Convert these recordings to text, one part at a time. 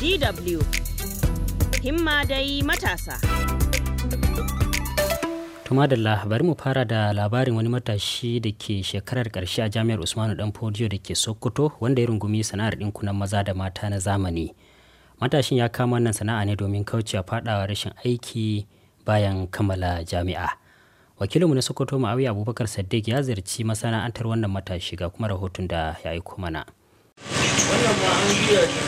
DW himma dai matasa. Tuma da bari mu fara da labarin wani matashi da ke shekarar karshe a jami'ar Usmanu Danfodiyo da ke Sokoto wanda ya rungumi sana'ar ɗinkunan maza da mata na zamani. Matashin ya kama wannan sana'a ne domin a faɗawa rashin aiki bayan kammala jami'a. Wakilinmu na Sokoto Ma'awi Abubakar Saddiq ya ziyarci masana'antar wannan matashi ga kuma rahoton da ya aiko mana. Wannan ma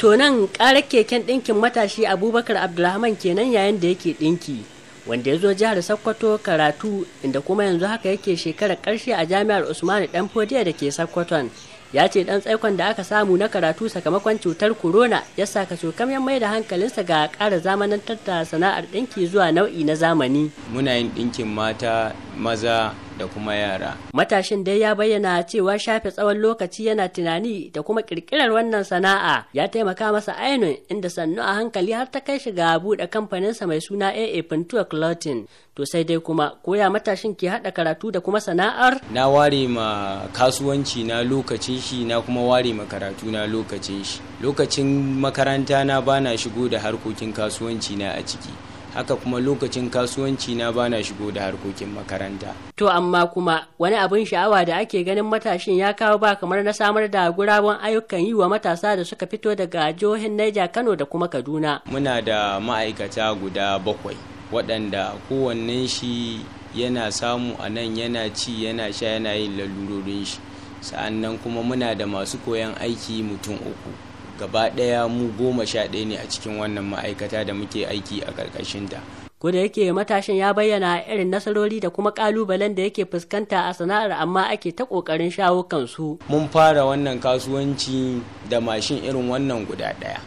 to nan ƙarar keken ɗinkin matashi abubakar abdulrahman kenan yayin da yake ɗinki wanda ya zo jihar sokoto karatu inda kuma yanzu haka yake shekarar karshe a jami'ar usmanu dan fodiya da ke sokoton ya ce dan tsaikon da aka samu na karatu sakamakon cutar corona ya saka cokam ya mai da hankalinsa ga ƙara zamanantar da sana'ar ɗinki zuwa nau'i na zamani muna yin ɗinkin mata maza da kuma yara. Matashin dai ya bayyana cewa shafe tsawon lokaci yana tunani da kuma kirkirar wannan sana'a ya taimaka masa ainihin inda sannu a hankali har ta kai shi ga buɗe kamfaninsa mai suna AA Pintua Clothing. To sai dai kuma koya matashin ke haɗa karatu da kuma sana'ar? Na ware ma kasuwanci na lokacin shi na kuma ware ma karatu na lokacin shi. Lokacin makaranta na bana shigo da harkokin kasuwanci na a ciki. haka kuma lokacin kasuwanci na bana shigo da harkokin makaranta. To amma kuma wani abin sha'awa da ake ganin matashin ya kawo ba kamar na samar da gurabun ayyukan yi wa matasa da suka fito daga jihohin Niger Kano da kuma Kaduna. Muna da ma'aikata guda bakwai waɗanda kowannen shi yana samu a nan yana ci yana sha yana yin lalurorin shi sa'annan kuma muna da masu koyan aiki mutum uku. gaba ɗaya mu goma sha ɗaya ne a cikin wannan ma'aikata da muke aiki a ƙarƙashinta. ko da yake matashin ya bayyana irin nasarori da kuma kalubalen da yake fuskanta a sana'ar amma ake ta kokarin shawo kansu mun fara wannan kasuwanci da mashin irin wannan guda ɗaya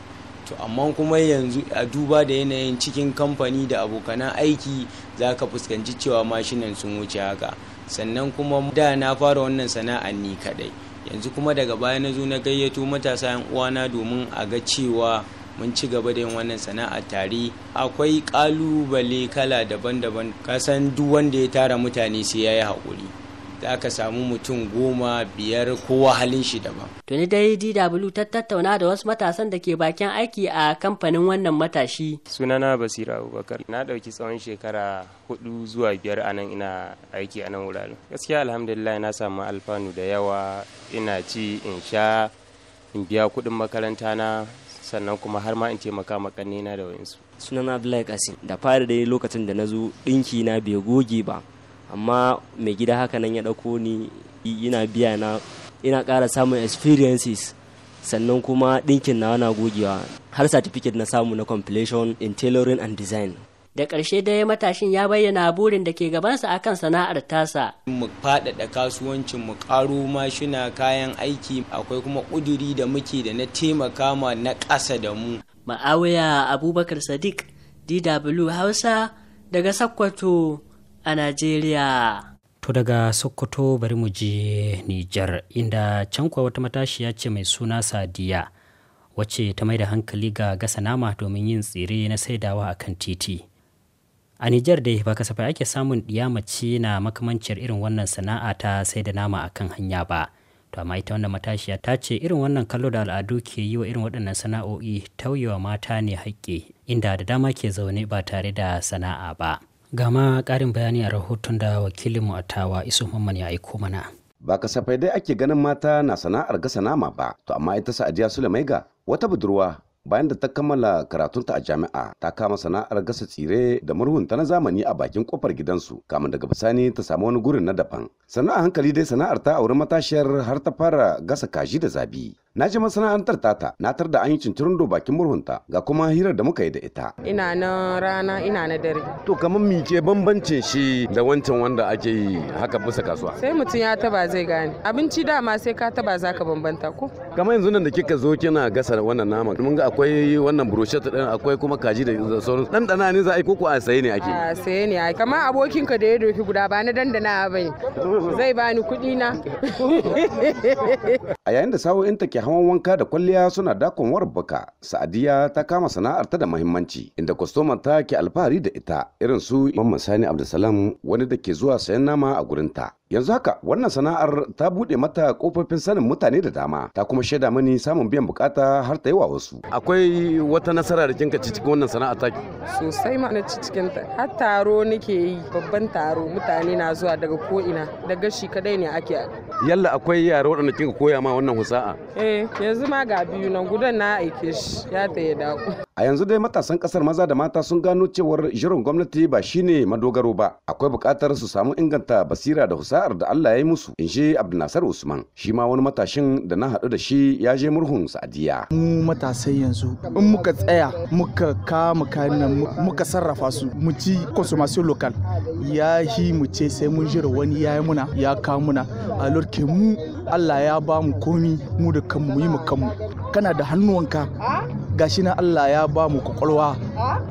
to amma kuma yanzu a duba da yanayin cikin kamfani da abokanan aiki za ka fuskanci cewa mashinan sun wuce haka sannan kuma da na fara wannan sana'ar ni kaɗai. yanzu kuma daga baya na zo na gayyato matasa yan uwana domin a ga cewa mun ci gaba da yin wannan sana'a tare akwai kalubale kala daban-daban kasan duk wanda ya tara mutane sai ya yi haƙuri da aka samu mutum goma biyar kowa halin shi daban. Tuni dai DW ta tattauna da wasu matasan da ke bakin aiki a kamfanin wannan matashi. Sunana Basira Abubakar na ɗauki tsawon shekara hudu zuwa biyar a nan ina aiki a nan wuraren. Gaskiya alhamdulillah na samu alfanu da yawa ina ci in sha in biya kuɗin makaranta na sannan kuma har ma in taimaka ma na da wa'insu. Sunana Abdullahi Kasim da fari dai lokacin da na zo ɗinki na bai goge ba amma mai gida haka nan ya ɗauko ni ina biya na ina ƙara samun experiences sannan kuma ɗinkin na na gogewa har certificate na samu na completion, in tailoring and design da ƙarshe dai matashin ya bayyana burin da ke gabansa a kan sana'ar tasa. mu faɗaɗa kasuwancin mu ƙaro mashina kayan aiki akwai kuma ƙuduri da muke da na taimaka ma na ƙasa da mu. ma'awuya abubakar sadiq dw hausa daga sakkwato a Najeriya. To daga Sokoto bari mu je Nijar inda can kuwa wata matashiya ce mai suna Sadiya wacce ta mai da hankali ga gasa nama domin yin tsire na saidawa a kan titi. A Nijar dai ba kasafai ake samun mace na makamanciyar irin wannan sana'a ta saida nama a kan hanya ba. To amma ita wannan matashiya ta ce irin wannan kallo da al'adu ke yi wa irin waɗannan sana'o'i tauyewa mata ne haƙƙi inda da dama ke zaune ba tare da sana'a ba. Gama karin bayani a rahoton da wakilinmu a tawa mamman mamman ya aiko mana. Ba kasafai dai ake ganin mata na sana'ar gasa nama ba, to amma ita Sa'adiya ga wata budurwa bayan da ta kammala karatunta a jami'a ta kama sana'ar gasa tsire da murhunta na zamani a bakin kofar gidansu kamun daga bisani ta samu wani gurin na daban sana'a hankali dai sana'ar ta auri matashiyar har ta fara gasa kaji da zabi na je masana'antar tata na tar da an yi do bakin murhunta ga kuma hirar da muka yi da ita ina na rana ina na dare to kamar mi ke bambancin shi da wancan wanda ake yi haka bisa kasuwa sai mutum ya taba zai gane abinci dama sai ka taba ka bambanta ko kamar yanzu nan da kika zo kina gasa wannan nama mun ga akwai wannan brochette din akwai kuma kaji da sauran dan dana ne za a yi koko a saye ne ake a saye ne ai kamar abokin ka da ya doki guda ba na dandana bane zai bani kuɗi na a yayin da sawo ta ke hawan wanka da kwalliya suna dakon warbaka sa'adiyya ta kama sana'arta da muhimmanci inda kwastomar ta ke alfahari da ita irin su mamman sani abdulsalam wani da ke zuwa sayan nama a gurinta yanzu haka wannan sana'ar ta buɗe mata kofofin sanin mutane da dama ta kuma shaida mani samun biyan bukata har ta yi wa wasu akwai wata nasara da kinka cikin wannan sana'a ta sosai ma na cikin ta har taro nake yi babban taro mutane na zuwa daga ko ina daga shi kadai ne ake yalla akwai yara waɗanda kinka koya ma wannan husa'a eh yanzu ma ga biyu nan gudan na aike shi ya ta ya dawo a yanzu dai matasan kasar maza da mata sun gano cewar jiran gwamnati ba shine madogaro ba akwai buƙatar su samu inganta basira da husa'ar da Allah ya yi musu in shi Abdulnasar Usman shi ma wani matashin da na haɗu da shi ya je murhun Sa'diya mu matasai yanzu in muka tsaya muka kama kayan muka sarrafa su mu ci consommation local ya yi mu ce sai mun jira wani ya yi muna ya kawo muna a lorke mu Allah ya ba mu komi mu da kanmu yi mu kanmu kana da hannuwanka gashi na Allah ya ba mu kwakwalwa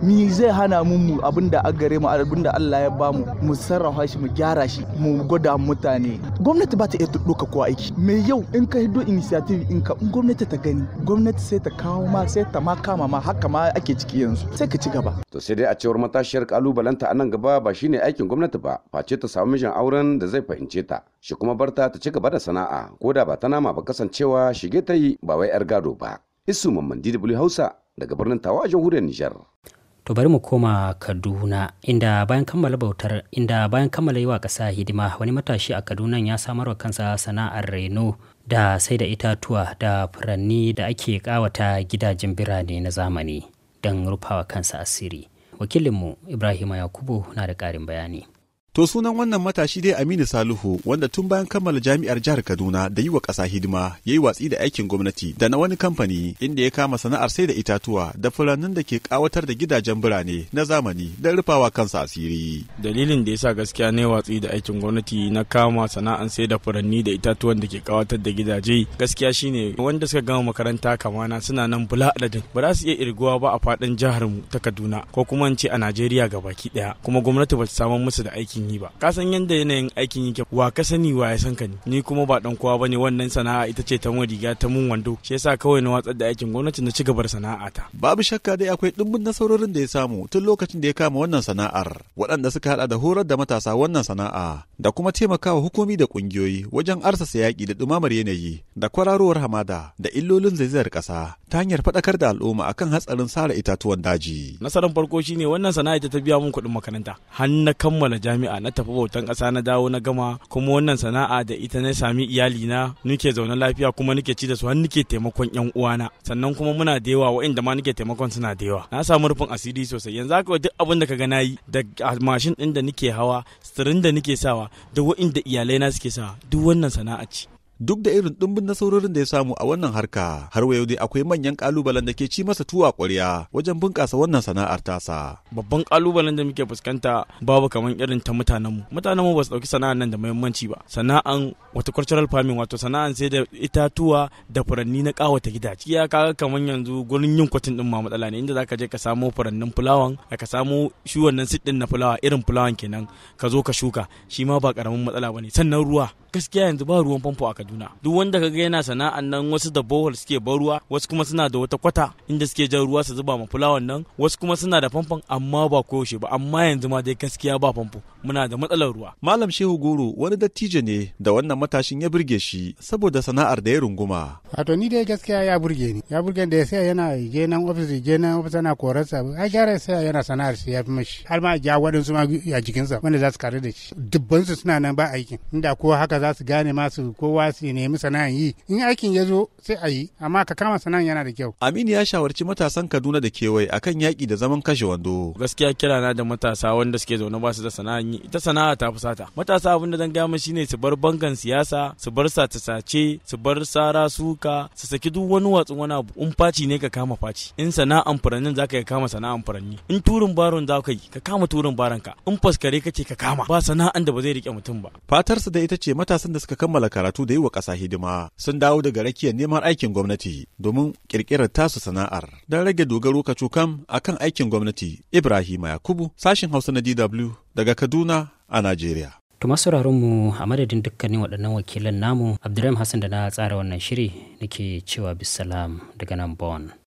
mi zai hana mu abinda a gare mu abinda Allah ya ba mu mu sarrafa shi mu gyara shi mu gwada mutane gwamnati ba ta iya doka kowa aiki mai yau in ka hido initiative in ka gwamnati ta gani gwamnati sai ta kawo ma sai ta ma kama ma haka ma ake ciki yanzu sai ka ci gaba to sai dai a cewar matashiyar kalubalanta a nan gaba ba shine aikin gwamnati ba face ta samu mijin auren da zai fahimce ta shi kuma barta ta ci gaba da sana'a ko da ba ta nama ba kasancewa shige ta yi ba wai yar gado ba isu mamman dw hausa daga birnin tawa a jamhuriyar nijar to bari mu koma kaduna inda bayan kammala bautar inda bayan kammala yi wa ƙasa hidima wani matashi a kaduna ya samar wa kansa sana'ar reno da sai da itatuwa da furanni da ake kawata gidajen birane na zamani don rufawa kansa asiri wakilinmu ibrahim yakubu na da ƙarin bayani To sunan wannan matashi dai Aminu Salihu wanda tun bayan kammala jami'ar jihar Kaduna da yi wa ƙasa hidima ya yi watsi da aikin gwamnati da na wani kamfani inda ya kama sana'ar sai da itatuwa da furannin da ke kawatar da gidajen birane na zamani da rufawa kansa asiri. Dalilin da ya sa gaskiya na watsi da aikin gwamnati na kama sana'ar sai da furanni da itatuwan da ke kawatar da gidaje gaskiya shine wanda suka gama makaranta kamana suna nan bula adadin ba za su iya irguwa ba a faɗin jihar mu ta Kaduna ko kuma in ce a Najeriya gabaki ɗaya kuma gwamnati ba ta samar musu da aikin aikin yi ba ka san yadda yanayin aikin yake wa ka sani wa ya san ka ne ni kuma ba dan kowa bane wannan sana'a ita ce ta mun riga ta mun wando shi yasa kawai na watsar da aikin gwamnati na ci gabar ta. babu shakka dai akwai dimbin nasarorin da ya samu tun lokacin da ya kama wannan sana'ar waɗanda suka hada da horar da matasa wannan sana'a da kuma taimakawa hukumi da kungiyoyi wajen arsasa yaƙi da ɗumamar yanayi da kwararowar hamada da illolin zaizayar ƙasa ta hanyar faɗakar da al'umma akan hatsarin sara itatuwan daji. Nasarar farko shine wannan sana'a ita ta biya mun kuɗin makaranta. Har na kammala jami'a na tafi bautan ƙasa na dawo na gama kuma wannan sana'a da ita na sami iyalina Nuke zaune lafiya kuma nuke ci da su har nuke taimakon 'yan uwana sannan kuma muna da yawa waɗanda ma nuke taimakon suna da yawa. Na samu rufin asiri sosai yanzu haka duk abin da kaga nayi da mashin ɗin da nake hawa sitirin da nake sawa da wa'inda iyalai na suke sa duk wannan sana'a ce duk da irin ɗumbin nasarorin da ya samu a wannan harka har wa yau dai akwai manyan ƙalubalen da ke ci masa tuwa ƙwarya wajen bunƙasa wannan sana'ar tasa. Babban ƙalubalen da muke fuskanta babu kamar irin ta mutanenmu. Mutanenmu ba su ɗauki sana'ar nan da muhimmanci ba. Sana'an wata cultural farming wato sana'an sai da itatuwa da furanni na ƙawata gida ya kaga kamar yanzu gurin yin kwatin ɗin ma matsala ne inda zaka je ka samo furannin fulawan ka samo shi wannan sit ɗin na fulawa irin fulawan kenan ka zo ka shuka shi ma ba ƙaramin matsala ba ne. Sannan ruwa gaskiya yanzu ba ruwan famfo a Kaduna. Kaduna duk wanda ka ga yana sana'an nan wasu da bohol suke bar ruwa wasu kuma suna da wata kwata inda suke jan ruwa su zuba ma fulawan nan wasu kuma suna da famfon amma ba koyaushe ba amma yanzu ma dai gaskiya ba famfo muna da matsalar ruwa malam shehu goro wani dattijo ne da wannan matashin ya burge shi saboda sana'ar da ya runguma wato ni dai gaskiya ya burge ni ya burge da ya saya yana je nan ofis je nan ofis ana korarsa ai gara sai yana sana'ar shi ya fi mashi har ma ja waɗansu ma a jikinsa wanda za su karu da shi dubbansu suna nan ba aikin inda ko haka za su gane masu kowa su nemi sana'an yi in aikin ya zo sai a yi amma ka kama sana'an yana da kyau aminu ya shawarci matasan kaduna da kewaye akan yaƙi da zaman kashe wando gaskiya kira na da matasa wanda suke zaune ba su da sana'an yi ita sana'a ta fusata matasa abin da zan gaya mashi shine su bar bangan siyasa su bar sace-sace su bar sara suka su saki duk wani watsi wani abu in faci ne ka kama faci in sana'an furannin zaka ka kama sana'an furanni in turin baron za ka yi ka kama turin baron in faskare kake ka kama ba sana'an da ba zai rike mutum ba fatarsa da ita ce matasan da suka kammala karatu da yi wa ƙasa hidima sun dawo daga rakiyar neman aikin gwamnati domin ƙirƙirar tasu sana'ar. Don rage dogaro ka cokam a kan aikin gwamnati Ibrahim Yakubu sashin Hausa na DW daga Kaduna a Najeriya. To sauraron mu a madadin dukkanin waɗannan wakilan namu Abdulrahim Hassan da na tsara wannan shiri nake cewa bisalam daga nan Bon.